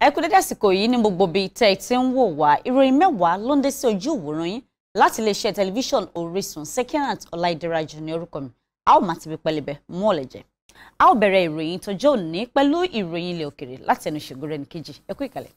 ẹ kú dédé àsìkò yìí ní gbogbo bíi tẹ́ ẹ ti ń wò wá ìròyìn mẹ́wàá ló ń dé sí ojú ìwòran yín láti iléeṣẹ́ tẹlifíṣàn Orísun Sekinat Ọláìdírajú ní orúkọ mi a ó máa ti fi pẹlẹbẹ mú ọ̀lẹ́jẹ̀ a ó bẹ̀rẹ̀ ìròyìn tọjọ́ òní pẹ̀lú ìròyìn ilẹ̀ òkèrè láti ẹnu Ṣègùn Rẹ̀níkejì ẹ kú ìkàlẹ̀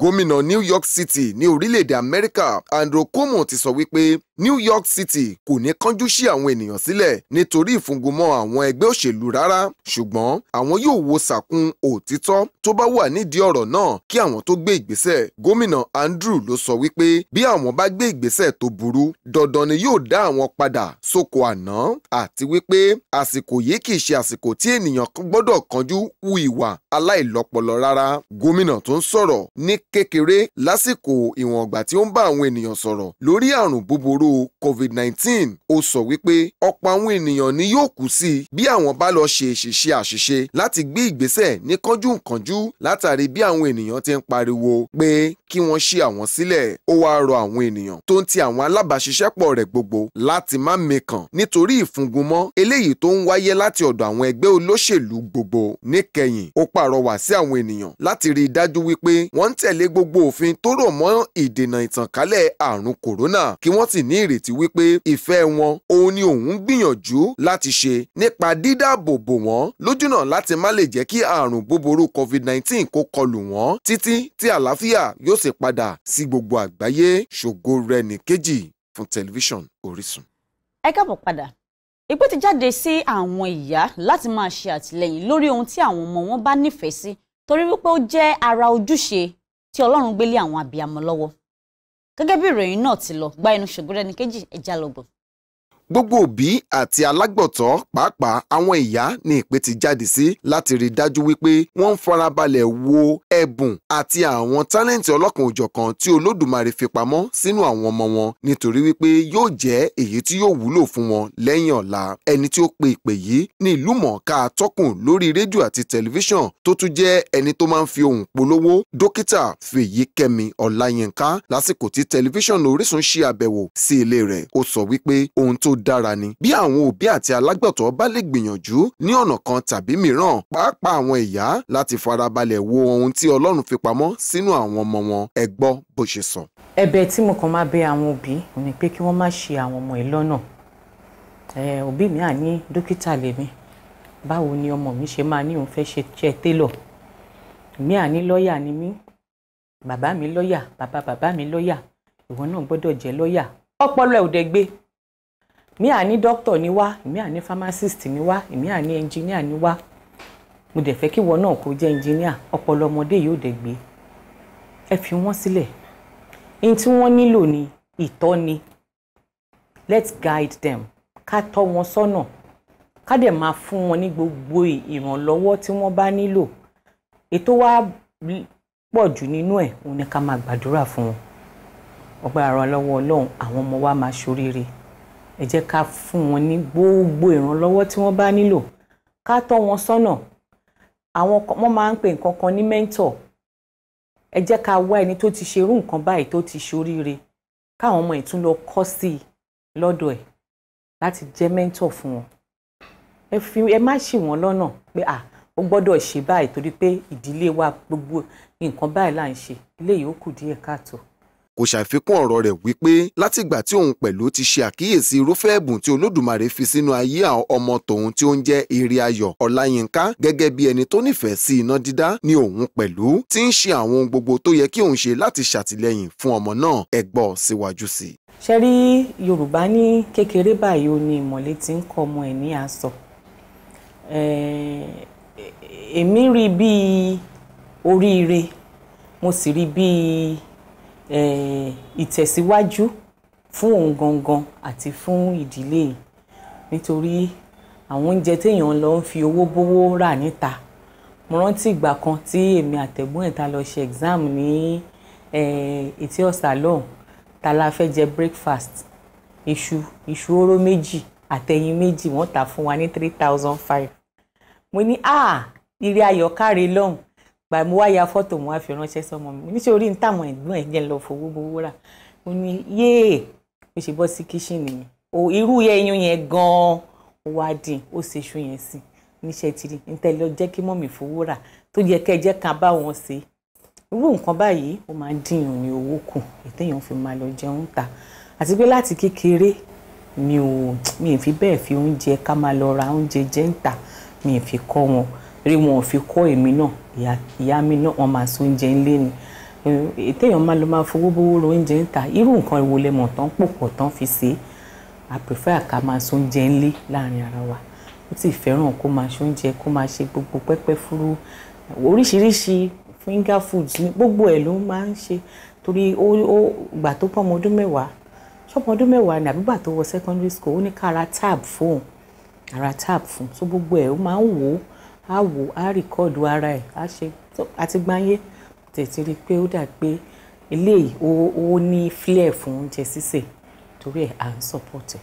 gómìnà New York City ní orílẹ̀-èdè Amẹ́ríkà Andrew Cuomo ti sọ wípé New York City kò ní kánjú sí àwọn ènìyàn sílẹ̀ nítorí ìfúngunmọ́ àwọn ẹgbẹ́ òṣèlú rárá ṣùgbọ́n àwọn yóò wo sàkún òtítọ́ tó bá wà nídìí ọ̀rọ̀ náà kí àwọn tó gbé ìgbésẹ̀ gómìnà Andrew ló sọ wípé bí àwọn bá gbé ìgbésẹ̀ tó burú dandan ni yóò dá àwọn padà sóko àná àti wípé àsìkò yìí kì í ṣe àsìkò tí ènìyàn gbọ́dọ̀ kánjú hu ìwà aláìlọ́pọlọ rárá gómìnà tó ń sọ̀rọ̀ ní kékeré lásìkò ìwọ̀ngbà tí ó ń bá àwọn ènìyàn sọ̀rọ̀ lórí àrùn búburú covid-19 ó sọ wípé ọ̀pọ̀ àwọn ènìyàn ni yóò kú sí i bí àwọn bá lọ ṣe ṣìṣe àṣìṣe láti gbé ìgbésẹ̀ ní kánjú-kánjú látàrí bí àwọn ènìyàn ti ń pariwo pé kí wọ́n ṣí àwọn sílẹ̀ ó wáá rọ àwọn ènìyàn tó ń ti àwọn alábàáṣiṣẹ́pọ̀ rẹ̀ gbogbo láti má mekàn nítorí ìfungunmọ́ eléyìí tó ń wáyé láti ọ̀dọ̀ àwọn ẹgbẹ́ olóṣèlú gbogbo níkẹyìn ó pàrọwà sí àwọn ènìyàn láti rí i dájú wípé wọ́n ń tẹ̀lé gbogbo òfin tó rọ̀ mọ́ ìdènà ìtànkálẹ̀ àrùn kòrónà kí wọ́n sì ní ìrètí wípé ìfẹ́ wọn òun ni òun gbìyànjú láti ṣe nípa dídáàbòbò wọ́n lójúnà láti má lè jẹ́ kí àrùn búburú covid-19 kó kọlù wọ́n títí tí àlàáfíà yóò sì padà sí gbogbo àgbáyé ṣògo rẹ nìkejì fún tẹlifíṣàn Orísun. ẹ káàbọ̀ padà ìpè ti jáde sí àwọn ìyá láti máa ṣe àtìlẹyìn lórí ohun tí àwọn ọmọ wọn bá nífẹ̀ẹ́ sí torí wípé ó jẹ́ ara ojúṣe tí Ọlọ́run gbélé àwọn àbíyamọ lọ́wọ́ gẹ́gẹ́ bí ìròyìn náà ti lọ gba ẹnu ṣògo rẹ nìkejì ẹ̀já lọ́gbọ̀n gbogbo òbí àti alágbọ̀tọ́ pàápàá àwọn ìyá ni ìpè ti jáde sí láti rí dájú wípé wọ́n ń farabalẹ̀ wo ẹ̀bùn àti àwọn tálẹ́ǹtì ọlọ́kan òjọ̀kan tí olódùmarè fi pamọ́ sínú àwọn ọmọ wọn nítorí wípé yóò jẹ́ èyí tí yóò wúlò fún wọn lẹ́yìn ọ̀la ẹni tí ó pe ìpè yìí ni ìlú mọ̀ọ́ká atọ́kùn lórí rédíò àti tẹlifíṣàn tó tún jẹ́ ẹni tó máa ń fi ohùn polówó dókítà Fèyíkẹ́mi Ọláyínká lásìkò tí tẹlifíṣàn Orísun ṣe àbẹ̀wò sí ilé rẹ̀ ó sọ wípé ohun tó dára ni bí àwọn òbí àti alágbàtọ́ bá lè gbìyànjú ní ọ̀nà kan tàbí mìíràn pàápàá àwọn ìyá láti farabalẹ̀ wo ohun tí Ọlọ́run fi pamọ́ sínú àwọn ọmọ wọn ẹ gbọ́ bó ṣe sọ. ẹ̀bẹ̀ tí mo kàn máa bẹ àwọn òbí ni pé kí wọ́n má ṣe àwọn ọmọ ẹ lọ́nà òbí mi àní dókítà lèmi báwo ni ọmọ mi ṣe máa ní òun fẹ́ ṣe jẹ́ télọ̀ mi àní lọ́ọ̀yà ni mí bàbá mi lọ́ọ̀yà bàbá bàbá mi lọ́ọ̀yà ìwọ náà gbọ́dọ̀ jẹ́ lọ́ọ̀yà ọpọlọ ẹ̀ ò dẹ̀ gbé mi à ní dókítà ni wá èmi à ní pharmacist ni wá èmi à ní engineer ni wá mo dẹ̀ fẹ́ kí ìwọ náà kó jẹ́ engineer ọpọlọ ọmọdé yóò dẹ̀ gbé ẹ fi wọ́n sílẹ̀ ohun tí wọ́n nílò ni ìtọ́ni let's guide them ká tọ́ wọn sọ́nà ká dẹ̀ máa fún wọn ní gbogbo ìrànlọ́wọ́ tí wọ́n bá nílò ètò wa pọ̀ jù nínú ẹ̀ òun ni ká máa gbàdúrà fún wọn ọgbà àrọ̀ lọ́wọ́ ọlọ́run àwọn ọmọ wa máa ṣoríire ẹ jẹ́ ká fún wọn ní gbogbo ìrànlọ́wọ́ tí wọ́n bá nílò ká tọ́ wọn sọ́nà àwọn wọ́n máa ń pè nǹkan kan ní mẹ́ńtọ̀ ẹ jẹ́ ká wá ẹni tó ti ṣerú nǹkan báyìí tó ti ṣoríire káwọn ọmọ ìtún lọ kọ́ sí i lọ́dọ̀ ẹ̀ láti jẹ́ mẹ́ńtọ̀ fún wọn ẹ fi ẹ má ṣì wọ́n lọ́nà pé à ó gbọ́dọ̀ ṣe báyìí torí pé ìdílé wa gbogbo nǹkan báyìí là ń ṣe eléyìí ó kù díẹ̀ káàtó kò ṣàfikún ọ̀rọ̀ rẹ̀ wípé látìgbà tí òun pẹ̀lú ti ṣe àkíyèsí irúfẹ́ ẹ̀bùn tí olódùmarè fi sínú ayé àwọn ọmọ tòun tí ó ń jẹ́ èrè ayọ̀ ọláyínká gẹ́gẹ́ bí ẹni tó nífẹ̀ẹ́ sí iná dídá ni òun pẹ̀lú ti ń ṣe àwọn ohun gbogbo tó yẹ kí òun ṣe láti ṣàtìlẹ́yìn fún ọmọ náà ẹ gbọ́ síwájú sí i. ṣe rí yorùbá ní kékeré báyìí ó ìmọ̀lẹ́ ti ń kọ́ ọmọ ẹ̀ ní àsọ èmi rí bíi oríire mo sì rí bíi Eh, ìtẹ̀síwájú fún òun gangan àti fún ìdílé yìí nítorí àwọn oúnjẹ téèyàn lọ ń fi owó bówó rà níta mo rántí ìgbà kan tí èmi àtẹ̀gbọ́n ẹ̀ ta lọ ṣe exam ní Ètí eh, Ọ̀sà lọ́hùn ta la fẹ́ jẹ breakfast iṣu iṣu oró méjì àtẹyin méjì wọ́n tà fún wa ní three thousand five mo ní ah ire ayọ̀ káre lọ́hùn gbà mo wá ya fọ́tò mo wá fi ránṣẹ́ sọmọ mi nítorí n táwọn ẹ̀gbọ́n ẹ̀ jẹ́ lọ fowó bowó rà ó ní yéè mo ṣe bọ́ sí kíṣìnì mi ò irú ẹyin yẹn gan-an ó wá dín ó ṣe iṣu yẹn sí níṣẹ́ tiri n tẹ́ lọ jẹ́ kí mọ́mì fowó rà tó yẹ kẹ́ jẹ́ ká bá wọn ṣe irú nǹkan báyìí ó máa ń dínyàn ní owó kù ètéèyàn fi máa lọ jẹun ta àti pé láti kékeré mi ò mi ì fi bẹ́ẹ̀ fi oúnjẹ ká máa lọ ra oúnjẹ jẹ ń ta mi ì fi kọ́ wọn rí wọn ò fi kọ́ èmi náà ìyá mi náà wọ́n máa sún oúnjẹ ńlé ni ètèèyàn máa lọ máa fowó bówó ro oúnjẹ ń ta irú nǹkan ìwo lẹ mọ̀ tán pò pọ̀ tán fi ṣe é i prefer ká máa sún oúnjẹ ńlé láàrin ara wa ó sì fẹ́ràn kó máa sún oúnjẹ kó máa ṣe gbogbo pẹ́pẹ́ fúrú oríṣiríṣi finger foods ní gbogbo ẹ̀ ló máa ń ṣe torí ó gbà tó pọ́n ọmọ ọdún mẹ́wàá ṣọ́pọ̀ ọdún mẹ́wàá ni àbígbà tó wọ secondary school ó ní ká ara tab fóun ara tab fún so gbogbo ẹ̀ ó máa ń wò ó á wò á rìkọ́ọ̀dù ara ẹ̀ á ṣe àti gbáyé tètè rí i pé ó dà pé eléyìí ó ní flair fún oúnjẹ sísè torí ẹ̀ à ń sọ́pọ̀tì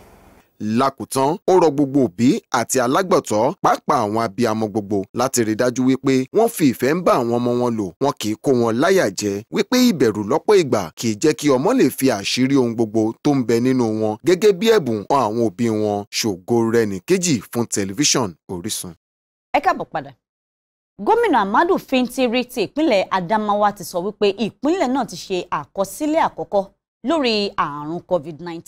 lákòótán ó rọ gbogbo òbí àti alágbọ̀tọ́ pàápàá àwọn abiyamọ gbogbo láti rí dájú wípé wọ́n fi ìfẹ́ ń bá àwọn ọmọ wọn lò wọn kì í kó wọn láyà jẹ wípé ìbẹ̀rù lọ́pọ̀ ìgbà kì í jẹ́ kí ọmọ lè fi àṣírí ohun gbogbo tó ń bẹ nínú wọn gẹ́gẹ́ bí ẹ̀bùn hàn àwọn òbí wọn ṣògo rẹ̀ nìkejì fún tẹlifíṣàn Orísun ẹ káàbọ̀ padà gómìnà Amadu Fintiri ti ìpínlẹ̀ Adamawa ti sọ wípé ìpínlẹ̀ náà ti ṣe àkọsílẹ̀ àkọ́kọ́ lórí ààrùn COVID-19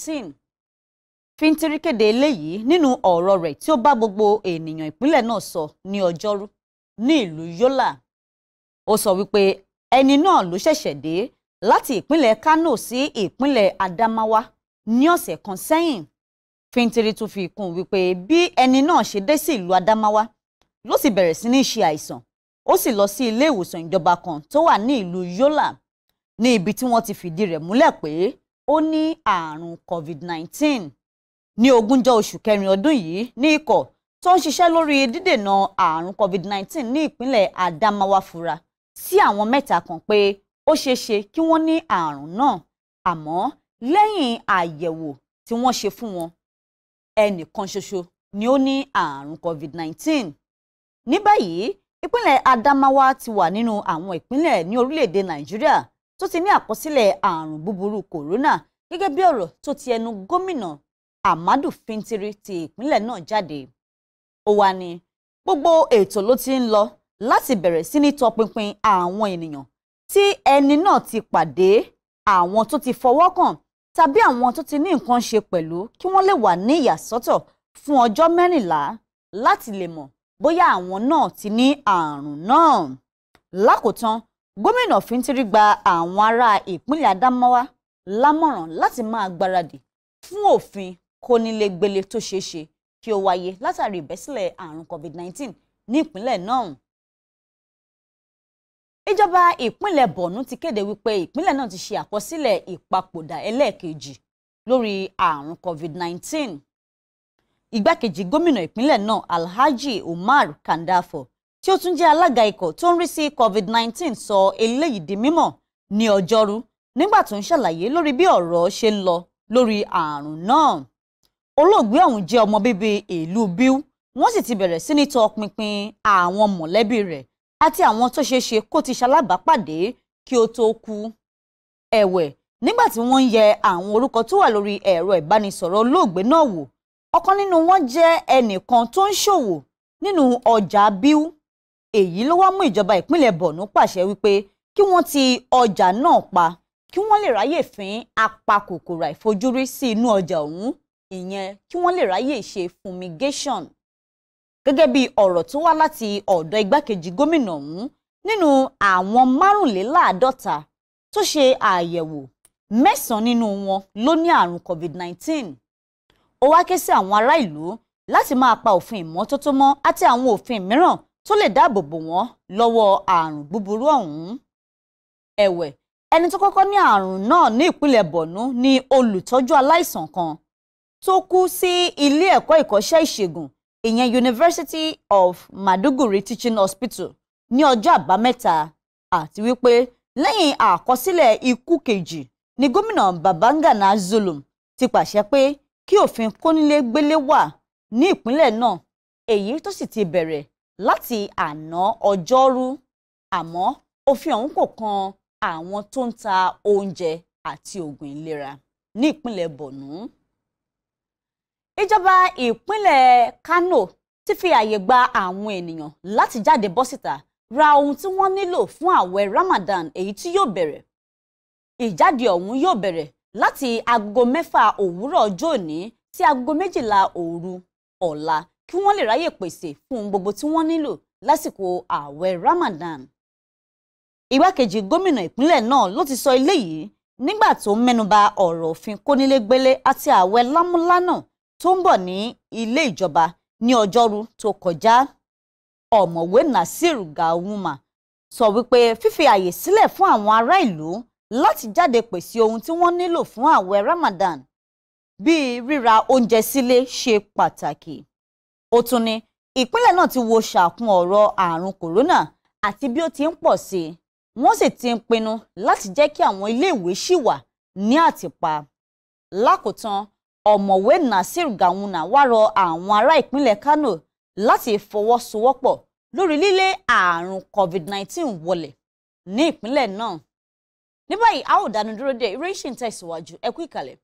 Fintiri kéde eléyìí nínú ọ̀rọ̀ rẹ̀ tí ó bá gbogbo ènìyàn ìpínlẹ̀ náà sọ ní ọjọ́rú ní ìlú Yola ó sọ wípé ẹni náà ló ṣẹ̀ṣẹ̀ dé láti ìpínlẹ̀ Kano sí ìpínlẹ̀ Adamawa ní ọ̀sẹ̀ kan sẹ́yìn Fintiri tún fi kún wípé bí ẹni náà ṣe dé sí ìlú Adamawa ló sì bẹ̀rẹ̀ sí ní ṣe àìsàn ó sì lọ sí ilé ìwòsàn ìjọba kan tó wà ní ìlú Yola ní ibi tí wọ́n ti fìdí rẹ̀ múlẹ̀ pé ó ní ààrùn COVID-19 ní ogúnjọ́ oṣù kẹrin ọdún yìí ní ikọ̀ tó ń ṣiṣẹ́ lórí dídènà ààrùn COVID-19 ní ìpínlẹ̀ Adamawa fura sí àwọn mẹ́ta kan pé ó ṣeé ṣe kí wọ́n ní ààrùn náà àmọ́ lẹ́yìn àyẹ̀wò tí wọ́n ṣe fún wọn ẹnìkan ṣoṣo ni ó ní ààrùn COVID-19 ní báyìí ìpínlẹ̀ Adamawa ti wà nínú àwọn ìpínlẹ̀ ní orílẹ̀-èdè Nàìjíríà tó ti ní àkọsílẹ̀ àrùn búburú kòrónà gẹ́gẹ́ bí ọ̀rọ̀ tó ti ẹnu gómìnà Amadu Fintiri ti ìpínlẹ̀ náà jáde ó wá ní gbogbo ètò ló ti ń lọ láti bẹ̀rẹ̀ sí ní tọpinpin àwọn ènìyàn tí ẹni náà ti pàdé àwọn tó ti fọwọ́ kàn tàbí àwọn tó ti ní nǹkan ṣe pẹ̀lú kí wọ́n lè wà ní ìyàsọ́tọ̀ fún ọjọ́ mẹ́rìnlá láti lè mọ̀ bóyá àwọn náà ti ní àrùn náà lákòótán gómìnà fíntiri gba àwọn ará ìpínlẹ̀ Adamawa lámọ̀ràn láti máa gbáradì fún òfin kónílégbélé tó ṣeé ṣe kí ó wáyé látàrí ìbẹ́sílẹ̀ àrùn COVID-19 ní ìpínlẹ̀ náà ìjọba ìpínlẹ̀ Borno ti kéde wípé ìpínlẹ̀ náà ti ṣe àkọsílẹ̀ ìpapòdà ẹlẹ́ẹ̀kejì lórí àrùn COVID-19 igbákejì gómìnà ìpínlẹ̀ náà Alhaji Umar Kandafo tí ó tún jẹ́ alága ikọ̀ tó ń rí sí COVID-19 sọ eléyìí di mímọ̀ ní ọjọ́rú nígbà tó ń ṣàlàyé lórí bí ọ̀rọ̀ ṣe ń lọ lórí ààrùn náà olóògbé ọ̀hún jẹ́ ọmọ bíbí ìlú Biu wọ́n sì ti bẹ̀rẹ̀ sí ní tọpinpin àwọn mọ̀lẹ́bí rẹ̀ àti àwọn tó ṣeé ṣe kó ti ṣalábàápàdé kí ó tó kú ẹ̀wẹ̀ nígbà tí wọ́n ń yẹ àwọn orúkọ tó wà lórí ẹ̀rọ ìbánisọ̀rọ̀ olóògbé náà wò ọ̀kan nínú wọn jẹ́ ẹnìkan tó ń ṣòwò nínú ọjà bíú èyí ló wá mú ìjọba ìpínlẹ̀ Borno pàṣẹ wípé kí wọ́n ti ọjà náà pa kí wọ́n lè ráyè fín apakòkòrò àìfojúrí sí inú ọjà ọ̀hún ìyẹn kí wọ́n lè ráyè ṣe fumigation gẹ́gẹ́ bí ọ̀rọ̀ tó wá láti ọ̀dọ̀ igbákejì gómìnà ọ̀hún nínú àwọn márùnléláàádọ́ta tó ṣe àyẹ̀wò mẹ́sàn-án nínú wọn ló ní àrùn COVID-19 ó wá ké sí àwọn ará ìlú láti máa pa òfin ìmọ́tótó mọ́ àti àwọn òfin mìíràn tó lè dáàbò bò wọ́n lọ́wọ́ àrùn búburú ọ̀hún. ẹ̀wẹ̀ ẹni tó kọ́kọ́ ní àrùn náà ní ìpínlẹ̀ Borno ni olùtọ́jú aláìsàn kan tó kú sí ilé ẹ̀kọ́ ìkọ́ṣẹ́ ìṣègùn ìyẹn University of Maduguri Teaching Hospital ní ọjọ́ àbámẹ́ta àti wípé lẹ́yìn àkọsílẹ̀ ikú kejì ni gómìnà Babangana Zulum ti pàṣẹ pé kí òfin kónílégbélé wà ní ìpínlẹ̀ náà èyí tó sì ti bẹ̀rẹ̀ láti àná ọjọ́rú àmọ́ òfin ọ̀hún kò kan àwọn tó ń ta oúnjẹ àti oògùn ìlera ní ìpínlẹ̀ Borno. ìjọba ìpínlẹ̀ Kano ti fi àyè gba àwọn ènìyàn láti jáde bọ́ síta ra ohun tí wọ́n nílò fún ààwẹ̀ Ramadan èyí tí yóò bẹ̀rẹ̀ ìjáde ọ̀hún yóò bẹ̀rẹ̀ láti aago mẹ́fà òwúrọ̀ ọjọ́ òní sí aago méjìlá òru ọ̀la kí wọ́n lè ráyè pèsè fún gbogbo tí wọ́n nílò lásìkò ààwẹ̀ Ramadan. Ìgbákejì gómìnà ìpínlẹ̀ náà ló ti sọ eléyìí nígbà tó ń mẹ́nuba ọ̀rọ̀ òfin kónílégbélé àti ààwẹ̀ lámúlánà tó ń bọ̀ ní ilé ìjọba ní ọjọ́rú tó kọjá. Ọ̀mọ̀wé Nasir Gawuma sọ wípé fífi àyè sílẹ̀ fún àwọn ará ìlú láti jáde pèsè ohun tí wọ́n nílò fún àwẹ̀ Ramadan bíi ríra oúnjẹ sílé ṣe pàtàkì ó tún ní ìpínlẹ̀ náà ti wo ṣàkun ọ̀rọ̀ àrùn kòrónà àti bí ó ti ń pọ̀ sí i wọ́n sì ti ń pinnu láti jẹ́ kí àwọn iléèwé ṣì wà ní àtìpa lákòótán ọ̀mọ̀wé Nasir Gawuna wá rọ àwọn ará ìpínlẹ̀ Kano láti fọwọ́sowọ́pọ̀ lórí lílé àrùn COVID-19 wọlẹ̀ ní ìpínlẹ̀ náà ní báyìí a ó dánu dúró dé eré ṣì ń ẹ kú ìkàlẹ̀.